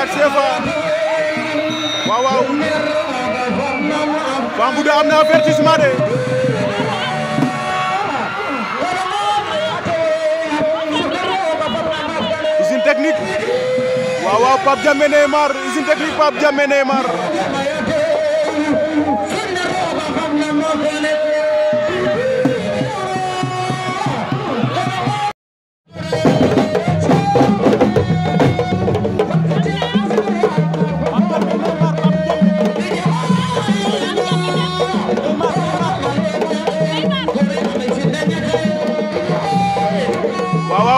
ak CFA waaw waaw Bambouda am na avertissement de usine technique waaw waaw Pape Diame Neymar usine technique Pape Diame Neymar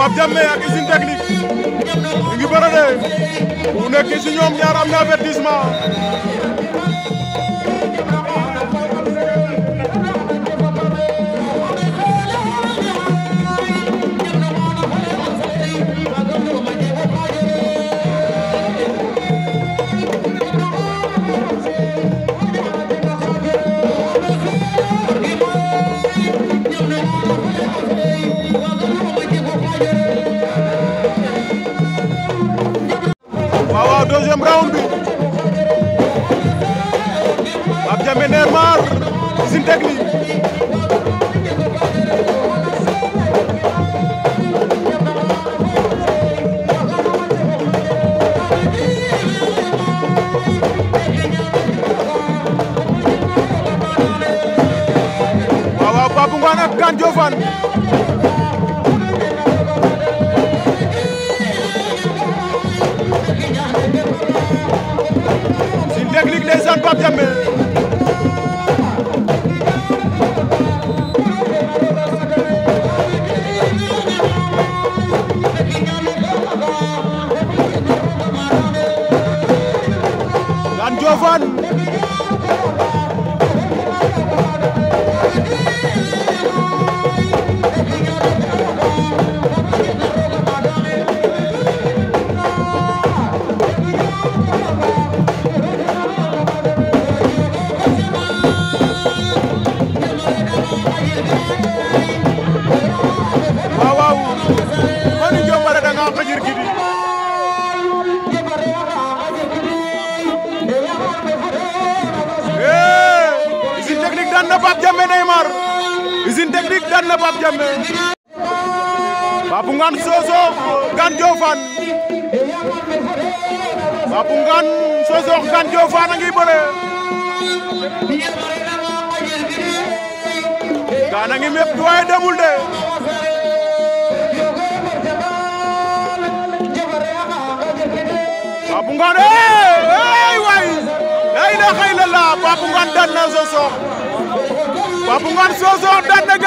Pape Diame ak usine technique ñu ngi bëre de ku nekk ñoom ñaar am na avertissement deuxième round bi Pape Diamé Nër Maar Usine Technique waaw waaw Pape Ngoné ak Kane Diofane ndeysaan Pape Diamé Ndane Diofane kan la Pape Diamé Babou Ngane Sosokh Ngane Diofane Babou Ngane Sosokh Ngane Diofane a ngi bëre Ngane a ngi mépp waaye demul de Babou Ngane ey waay la ilaha illallah Babou Ngane dan na Sosokh Babou Ngane Sosokh dan na